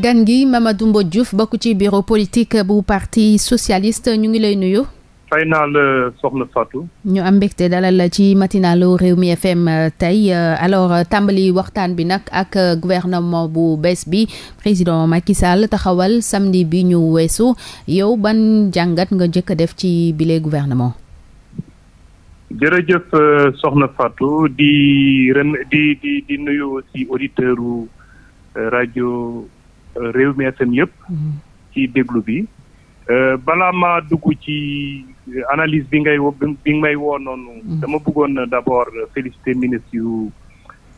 gan gi Mamadou Mbodj Diouf bokk ci bureau politique bu parti socialiste ñu ngi lay nuyu. fay naa la soxna Fatou. ñu am mbégte dalal ci réew mi FM euh, tey euh, alors euh, tàmbali waxtaan bi nag ak gouvernement bu bees bi président Macky Sall taxawal samdi bi ñu weesu yow ban jàngat nga njëkk a def ci bile gouvernement. jërëjëf soxna Fatou di réew mi FM yëpp. Mhm. ci déglu bi. Euh, balaa ma dugg ci euh, analyse bi ngay bi may woo noonu. Mhm. dama bëggoon d'abord féliciter ministre yu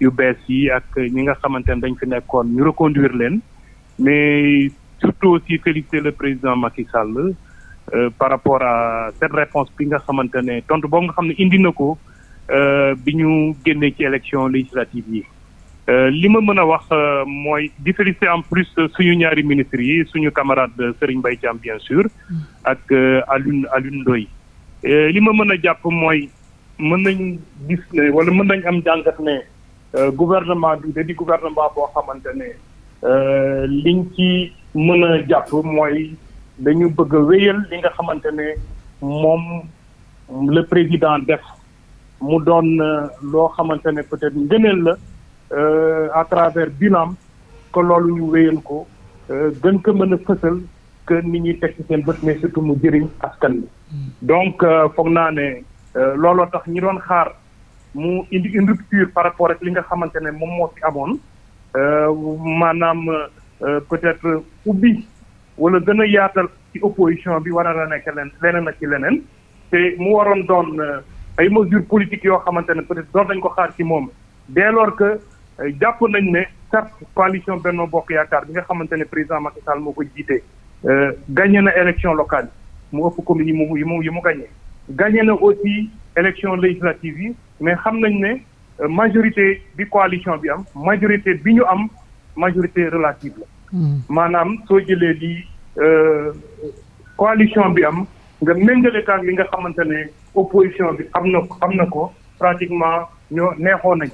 yu bees yi ak ñi nga xamante ne dañ fi nekkoon ñu reconduire leen. mais surtout aussi féliciter le président Macky Sall. Euh, par rapport à cette réponse bi nga xamante ne tontu boobu nga xam ne indi na ko euh, bi ñu génnee ci élection législative yi. Euh, li ma mën a wax euh, mooy di féliciter en plus euh, suñu ñaari ministres yi suñu camarade Serigne Mbaye Thiam bien sûr ak Alioune Alioune Ndoye li ma mën a jàpp mooy mën nañ gis ne wala mën nañ am jàngat ne gouvernement bi da di gouvernement boo xamante ne liñ ci mën a jàpp mooy dañu bëgg a wéyal li nga xamante ne moom le président def mu doon loo xamante ne peut-être ngëneel la Euh, à travers bilan que loolu ñu wéyal ko euh, gën ko mën a fësal que nit ñi teg ci seen bët mais surtout mu jëriñ askan bi mm. donc euh, foog naa ne looloo tax ñi doon xaar mu indi indi rupture par rapport ak li nga xamante ne moom moo fi amoon maanaam peut-être ubbi wala gën a yaatal ci opposition bi war a nekk leen leneen ak ci leneen te mu waroon doon ay mesures politiques yoo xamante ne peut-être doon dañ ko xaar ci moom dès lors que Euh, jàpp nañ ne certes coalition Benno Bokk Yaakaar bi nga xamante ne président Macky moo ko jiite. Euh, gagné na élection locale yi mu ëpp commune yi mu yi mu yi mu gagné. gagné na aussi élection législative yi mais xam nañ ne euh, majorité bi coalition bi am majorité bi ñu am majorité relative la. Hmm. maanaam soo jëlee lii coalition bi am nga méngale ak li nga xamante ne opposition bi am na am na ko pratiquement ñoo neexoon nañ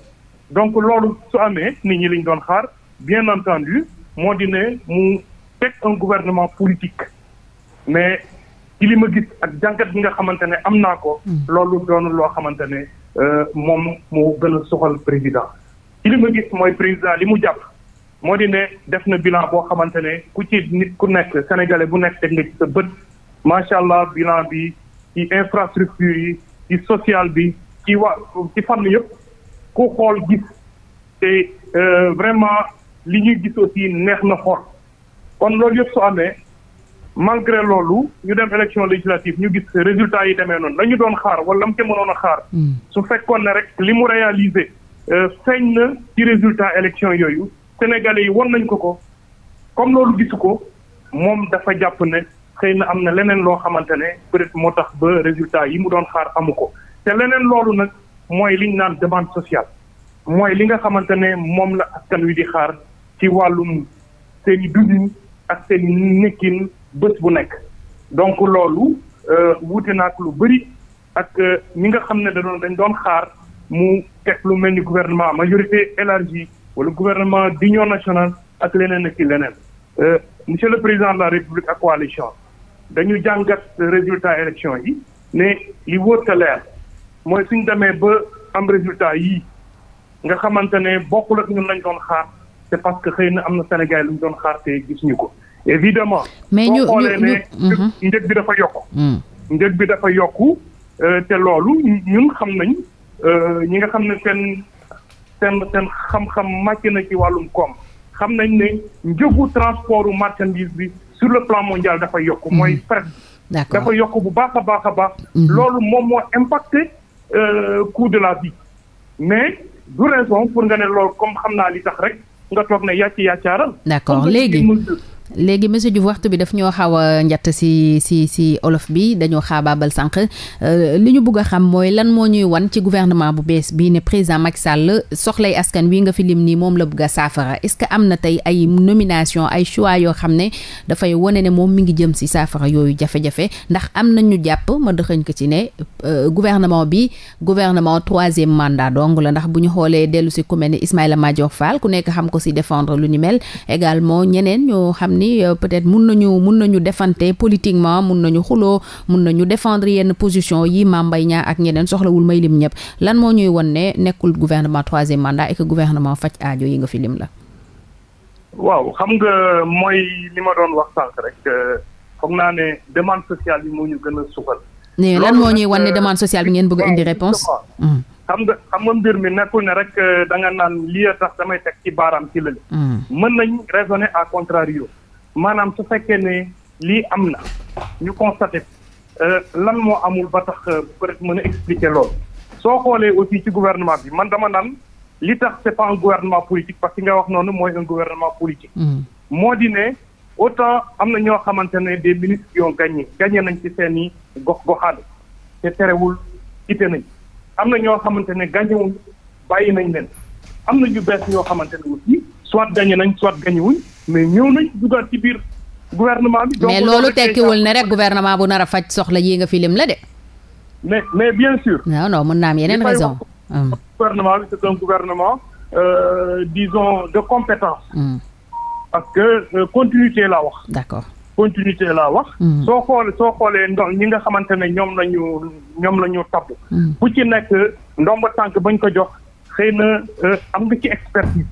donc loolu su amee nit ñi liñ doon xaar bien entendu moo di mu teg un gouvernement politique mais ci li gis ak jàngat bi nga xamante ne am naa ko. Hmm. loolu doonul loo xamante ne euh, moom mu gën a soxal président. ci li ma gis mooy président li mu jàpp moo di ne def na bilan boo xamante ne ku ci nit ku nekk sénégalais bu nekk teg nga ci sa bët macha allah bilan bi ci infrastructure yi ci sociale bi ci wa ci fànn yëpp. ku xool gis te euh, vraiment li ñuy gis aussi neex na xool kon loolu yëpp su amee malgré loolu ñu dem élection législative ñu gis résultat yi demee noonu la doon xaar wala mu ca mënoon a xaar. Hmm. su fekkoon ne rek li mu réalisé euh, feeñ na ci résultat élection yooyu sénégalais yi won nañ ko ko comme loolu gisu ko moom dafa jàpp ne xëy na am na leneen loo xamante ne peut-être moo tax ba résultat yi mu doon xaar amu ko te leneen loolu nag. mooy li ñu naan demande sociale mooy li nga xamante ne moom la askan wi di xaar ci wàllum seen i dundin ak seen i nekkin bés bu nekk donc loolu euh, wuute na ak lu bëri ak euh, ñi nga xam ne da doon dañ doon xaar mu teg lu mel ni gouvernement majorité élargie wala gouvernement d'union nationale ak leneen ak leneen euh, monsieur le président de la république ak coalition dañu jàngat résultat élection yi ne li wóor leer mooy suñ demee ba am résultat yi nga xamante ne bokkul ak ñun lañ doon xaar c'est parce que xëy na am na Sénégal lu doon xaar te gisuñu ko évidemment mais ñu ñu ne mhm. njëg bi dafa yokk njëg bi dafa yokku mm. euh, te loolu ñun xam nañ euh, ñi nga xam ne seen seen seen xam-xam màcc na ci wàllum koom xam nañ ne njëgu transportu marchandise bi sur le plan mondial dafay yokk mm. mooy fret dafa yokk bu baax mm. loolu moom moo impacté Euh, coût de la vie mais du raison pour nga ne loolu comme xam naa li tax rek nga toog ne yàcc yàccaaral. d'accord léegi léegi monsieur Diouf waxtu bi daf ñoo xaw a njatt si si si olof bi dañoo xaabaabal sànq euh, li ñu bugg a xam mooy lan moo ñuy wan ci gouvernement bu bees bii ne président Macky sàll soxlay askan wi nga fi lim nii moom la bugg a saafara est-ce que am na tey ay nomination ay choix yoo xam ne dafay wane ne moom mi ngi jëm si saafara yooyu jafe-jafe ndax am na ñu jàpp ma dëxëñ ko ci ne euh, gouvernement bi gouvernement troisième mandat donc la ndax bu ñu xoolee dellu si ku mel ne Ismaïla ku nekk xam ko si défendre lu ni mel également ni euh, peut-être mun nañu mun nañu defante politiquement mun nañu xuloo mun nañu défendre yenn position yi Mame Mbaye Niang ak ñeneen soxlawul may lim ñëpp lan moo ñuy won ne nekkul gouvernement troisième mandat et que gouvernement faj aajo yi nga fi lim la. waaw nga mooy li ma doon wax sànq rek foog naa ne demande sociale bi moo gën a sukkal. ne lan moo ñuy wan ne euh, demande sociale bi ngeen bëgg a indi réponse mm. xam nga xam nga mbir mi nekkul ne rek euh, da nga naan lii tax damay teg ci baaraam ci lële. Mm. mën nañ raisonner à contrario. maanaam su fekkee ne lii am na ñu constaté euh, lan moo amul ba tax peut-être mën a expliquer loolu soo xoolee aussi ci gouvernement bi man dama naan li tax c'est pas un gouvernement politique parce que nga wax noonu mooy un gouvernement politique mm-hmm. moo di ne autant am na ñoo xamante ne des ministres qui ont gagné gagné nañ ci seen i gox goxaade te terewul ite nañ am na ñoo xamante ne gàññewuñ bàyyi nañ leen am na ñu bees ñoo xamante ne aussi soit gagné nañ soit gagné mais ñëw nañ dugaat ci biir gouvernement mais loolu tekkiwul ne rek gouvernement bu nar a faj soxla yii nga filim la de. mais mais bien sûr. non non mën naa am yeneen raison. Hmm. gouvernement bi c'est un gouvernement euh, disons de compétence. Hmm. parce que euh, continuité laa wax. d'accord continuité laa wax. Hmm. soo xoolee soo xoolee ndox ñi nga xamante ne ñoom la ñu ñoom la ñu tabb. bu ci nekk ndomba tànk bañ ko jox xëy na euh, am nga ci expertise.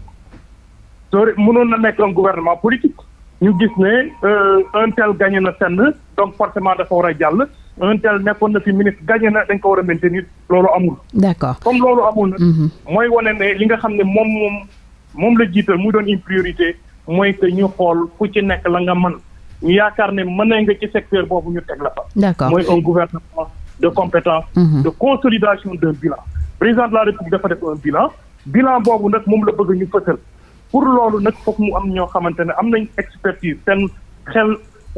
soo mënoon na nekk un gouvernement politique ñu gis ne euh, un tel gagné na senn donc forcément dafa war a jàll un tel nekkoon na fi ministre gagné na dañ ko war a maintenir loolu amul. d'accord comme loolu amul nag. Mhm. mooy wane ne li nga xam ne moom moom moom la jiital mu doon une priorité mooy que ñu xool ku ci nekk la nga man ñu yaakaar ne mën nañ nga ci secteur boobu ñu teg la fa. d'accord mooy un gouvernement de compétence. Mhm. de consolidation d'un bilan. président de la République dafa def un bilan bilan boobu nag la bëgg ñu fësal. pour loolu nag foog mu am ñoo xamante ne am nañ expertise seen xel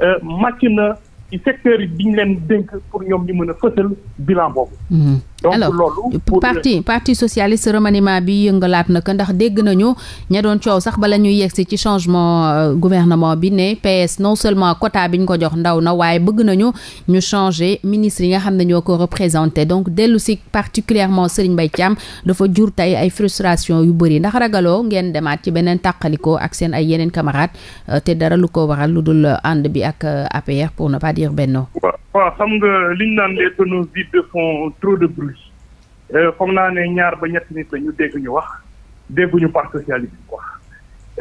euh, màcc na ci secteur yi bi ñu leen dénk pour ñoom ñu mën a fësal bilan boobu. Mhm. donc loolu euh, pour parti parti socialiste remaniement bi yëngalaat na ko ndax dégg nañu ña doon coow sax bala ñuy yegsi ci changement euh, gouvernement bi ne PS non seulement quota bi ñu ko jox ndaw na waaye bëgg nañu ñu changer ministre yi nga xam ne ko représenté donc dellu si particulièrement Serigne bay Thiam dafa jur tey ay frustration yu bëri ndax ragaloo ngeen demaat ci beneen tàqalikoo ak seen ay yeneen camarades euh, te dara lu ko waral lu dul ànd bi ak APR pou ne pas Benno. Euh, foog naa ne ñaar ba ñett nit la ñu dégg ñu wax dégguñu parti socialiste wax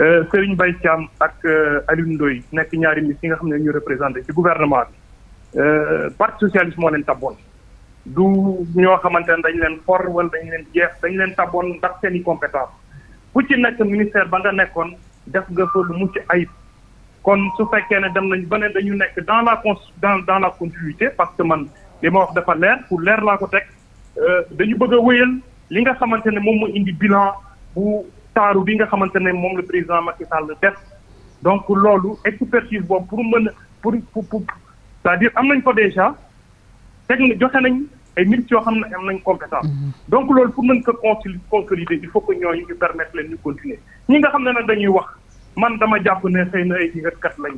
euh, Serigne Mbaye Thiam ak euh, Alioune Ndoye nekk ñaari ministres yi nga xam ne ñu représenté ci gouvernement bi parti socialiste moo leen taboon du ñoo xamante ne dañ leen for wala dañ leen jeex dañ leen taboon ndax seen i compétence ku ci nekk ministère ba nga nekkoon def nga fa lu mucc ayib kon su fekkee ne dem nañ ba ne dañu nekk dans la con dans dans la continuité parce que man li ma wax dafa leer pour leer laa ko teg Euh, dañu bëgg a wéyal li nga xamante ne moom moo indi bilan bu taaru bi nga xamante ne moom le président Macky Sall def donc loolu expertise boobu pour mën a pour pour c'est-à-dire am nañ ko déjà teg na joxe nañ ay nit yoo xam ne am nañ compétence mm-hmm. donc loolu pour mën ko consolider il faut que ñooñu ñu permettre leen ñu continuer ñi nga xam ne nag dañuy wax man dama jàpp ne xëy na ay jigatkat lañ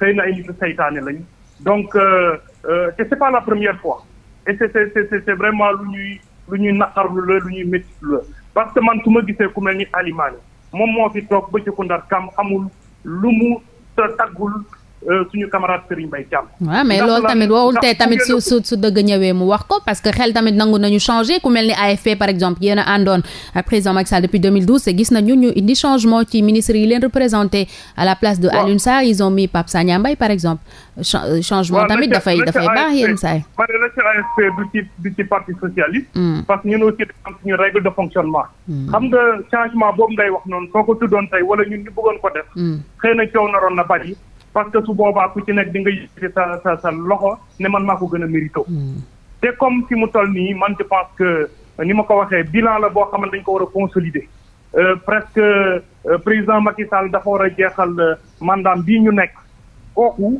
xëy na ay nit saytaane lañ donc euh, euh, te c'est pas la première fois et c' est c' vraiment lu ñuy lu ñuy naqarlu la lu ñuy métti la parce que man su ma gisee ku mel ni Alimane moom moo fi toog ba ci ku ndar kam amul lu mu taggul Euh, suñu camarade Serigne Mbaye Thiam. waaw mais loolu tamit wowul tamit su su ñëwee mu wax ko parce que xel tamit nangu nañu changé ku mel ni AFP par exemple yéen a àndoon président Macky depuis 2012 gis nañu ñu ndi changement ci ministre yi leen représenté à la place de Alioune Sarr ils ont mis Pape Sagna Mbaye par exemple euh, changement tamit dafay dafay baax yéen saay ma ne la ci AFP du ci du parti socialiste hmm. parce que ñun aussi de hmm. changement boobu ngay wax noonu soo ko tuddoon tey wala ñun ñu bëggoon ko parce que su boobaa ku ci nekk di nga sa sa sa loxo ne man maa ko gën a mérito hmm. te comme fi mu toll nii man je pense que euh, ni ma ko waxee bilan la boo xamante dañ ko war a consolider euh, presque euh, président Macky Sall dafa war a jeexal mandaam bii ñu nekk kooku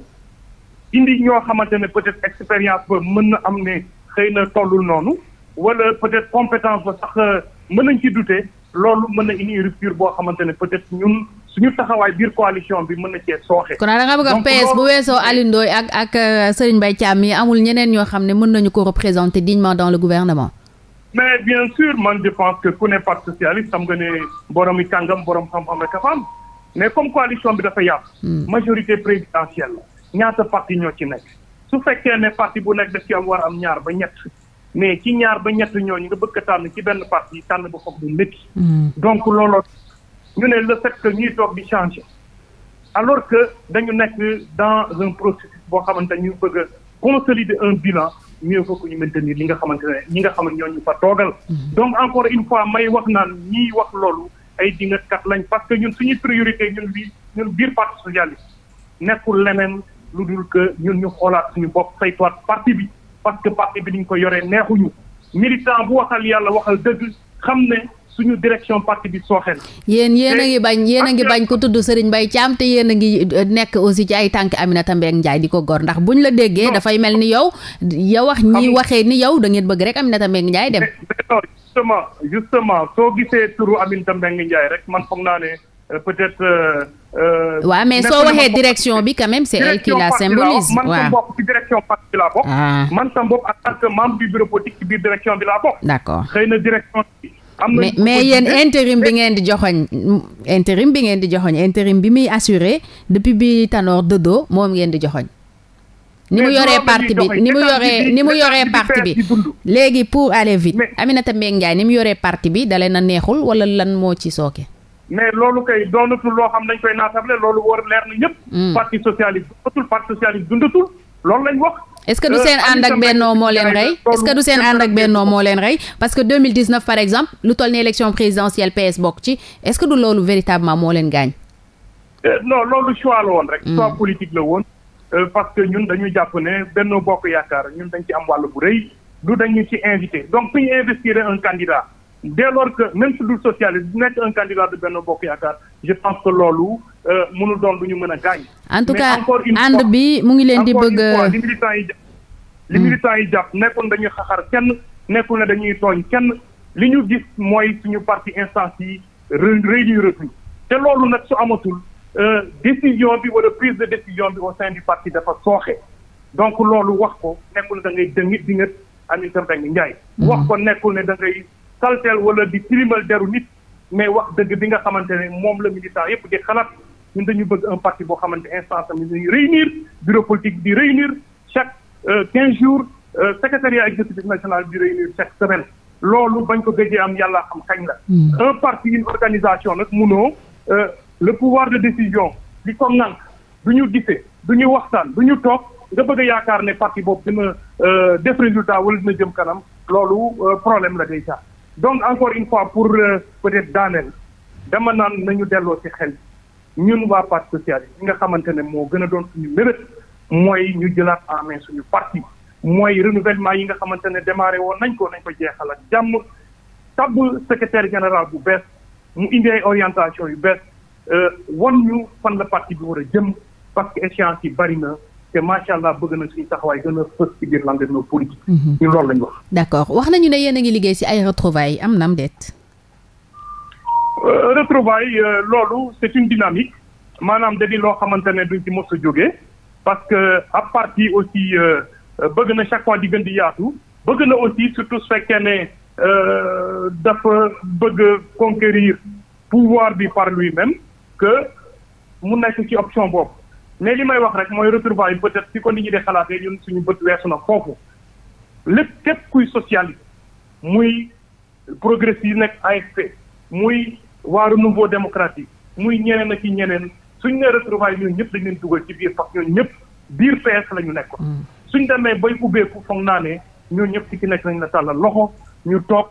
indi ñoo xamante ne peut-être expérience ba mën na am ne xëy na tollul noonu wala peut-être compétence ba sax mën nañ ci douter loolu mën na indi rupture boo xamante ne peut-être ñun suñu taxawaay biir coalition bi mën na cee sooxe. kon a nga bëgg a PS bu weesoo Alioune ak ak euh, Serigne Mbaye Thiam yi amul ñeneen ñoo xam ne mën nañu ko représenter dignement dans le gouvernement. mais bien sûr man je pense ku ne parti socialiste xam nga ne borom yi kàngam borom xam-xam rek a fa am mais comme coalition bi dafa yàqu. Hmm. majorité présidentielle la ñaata parti ñoo ci nekk. su fekkee ne parti bu nekk daf ci am war am ñaar ba ñett mais ci ñaar ba ñett ñooñu nga bëgg a ci benn parti tànn ba foog du métti. Hmm. donc looloo ñu ne le fait que ñuy toog di changer alors que dañu nekk dans un processus boo xamante ñu bëgg a consolider un bilan mieux vaut que ñu maintenir li nga xamante ne ñi nga xam ne ñooñu fa toogal. Mhm. donc encore une fois may wax naan ñiy wax loolu ay dingatkat lañ parce que ñun suñu priorité ñu bi ñun biir parti socialiste nekkul leneen lu dul que ñun ñu xoolaat suñu bopp saytuwaat parti bi parce que parti bi ni ñu koy yoree neexuñu militant bu waxal yàlla waxal dëgg xam ne. suñu direction parti bi soo na. yéen yéen a ngi bañ yéen a ngi bañ ko tudd Serigne Mbaye Thiam te yéen a ngi euh, nekk aussi ci ay tànk Aminata Mbengue Ndiaye di ko gor ndax buñ la déggee. dafay mel ni yow. ya wax ñi waxee ni yow da ngeen bëgg rek Aminata Mbengue Ndiaye dem. justement justement soo gisee turu Aminata Mbengue Ndiaye rek man foog naa ne euh, peut-être. waaw euh, mais soo waxee direction bi quand même c'est elle qui la symbolise waaw man sa bopp ci direction parti bi laa bokk. Ah. man ci biir bi laa bokk. d'accord xëy direction bi. am mais mais yéen intérim bi ngeen di joxoñ intérim bi ngeen di joxoñ intérim bi muy assuré depuis bi Tanor dëddoo moom ngeen di joxoñ ni mu yoree parti bi ni mu yoree ni mu yoree parti bi léegi pour aller vite Aminata Mbengue Ndiaye ni mu yoree parti bi dale na neexul wala lan moo ci sooke mais loolu kay doonatul loo xam nañ koy naatable loolu war leer na ñëpp hmm. parti socialiste dundatul parti socialiste dundatul loolu lañ wax Euh, est-ce que du seen ànd ak bennoo moo leen rey est que du seen ànd ak bennoo moo leen rey parce que 2019 par exemple lu toll ni élection présidentielle PS bokk ci est-ce que du loolu véritablement moo leen gaañ euh, non loolu choix la woon rek hmm. choix politique la woon euh, parce que ñun dañu jàpp ne bennoo bokk yaakaar ñun dañ ci am wàll bu rëy du dañu ci invité donc suñu investir un candidat dès lors que même su dul socialiste bu nekk un candidat de Benno Bokk Yaakaar je pense que loolu euh, mënul doon lu ñu mën a gaañ. en tout cas ànd bi mu ngi leen di bëgg a li militants yi jàpp li hmm. militants yi jàpp nekkul dañuy xaxar kenn nekkul ne dañuy tooñ kenn li ñu gis mooy suñu parti instance yi réunir te loolu nag su amatul euh, décision bi wala prise de décision bi au sein du parti dafa sooxee donc loolu wax ko nekkul ne da ngay dëngit di nga Ndiaye hmm. wax ko nekkul da salteel wala di tilimal deru nit mais wax dëgg bi nga xamante ne moom la militant yépp di xalaat ñun dañu bëgg un parti boo xamante instance am dañuy réunir bureau politique di réunir chaque euh, quinze jours euh, secrétariat exécutif national di réunir chaque semaine loolu bañ ko gëjee am yàlla xam kañ la hmm. un parti une organisation nag munoo euh, le pouvoir de décision li ko ŋànk du ñu gisee du ñu waxtaan du ñu toog nga bëgg yaakaar ne parti boobu dina def résultat wala dina jëm kanam loolu problème la day donc encore une fois pour euh, peut-être daaneel dama naan nañu delloo ci xel ñun waa parti socialiste yi nga xamante ne moo gën a doon suñu mébét mooy ñu jëlaat en main suñu parti mooy renouvellement yi nga xamante ne démarré woon nañ ko nañ ko jeexal jàmm tabb secrétaire général bu bees mu indi ay orientation yu bees euh, wan ñu fan la parti bi war a jëm parce que échéance yi bari na te macha allah bëgg na suñu taxawaay gën a fës ci biir landerneau politique. Mhm. ñu loolu lañ wax. d' accord wax nañu ne yéen a ngi liggéey si ay retrouvailles am na am déet. Euh, retrouvailles euh, loolu c' est une dynamique maanaam da loo xamante ne duñ ci mos a jógee parce que à partir aussi euh, bëgg na chaque fois di gën di yaatu bëgg na aussi surtout su ne dafa bëgg conquérir pouvoir bi par lui-même que mu nekk ci option boobu. mais li may wax rek mooy retrouvailles peut-être fi ko nit ñi de xalaatee ñun suñu bët weesu na foofu lép képp kuy socialiste muy progressiste yi nekk AFP muy waa renouveau démocratique muy ñeneen ak i ñeneen suñ ne retrouvailles ñun ñëpp dañ leen dugal ci biir parce que ñëpp biir PS la ñu nekk mm. suñ demee bay ubbeeku foog naa ne ñun ñëpp ci ki nekk nañ la tàllal loxo ñu toog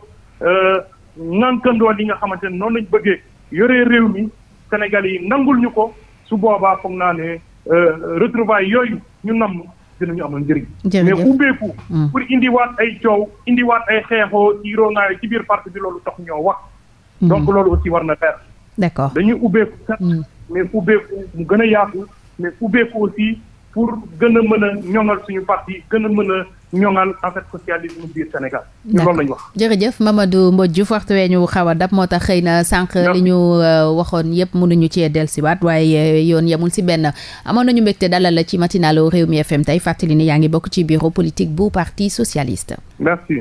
nankandoo euh, li nga xamante ne noonu lañ bëggee yoree réew mi Sénégal yi nangul ñu ko su boobaa foog naa ne Euh, retrouvailles yooyu ñu namm dinañu amal njëriñ. mais ubbeeku. Mm. pour indiwaat ay coow indiwaat ay xeexoo ci roonaayo ci biir parti bi loolu tax ñoo wax. Mm. donc loolu aussi war na leer. d'accord dañuy ubbeeku. Mm. mais ubbeeku mu gën a yaatu mais ubbeeku aussi. pour gën a mën a ñoŋal suñu parti gën a ñoŋal en fait socialisme biir Sénégal. loolu ñu jërëjëf Mamadou Mbodj Diouf waxtu wee ñu xaw a dab moo tax xëy na sànq. li ñu euh, waxoon yëpp mënuñu cee dellusiwaat waaye euh, yoon yemul si benn. amoon nañu mbégte dalal la ci matinalu mi FM tey fàttali ni yaa ngi bokk ci bureau politique bu parti socialiste. merci.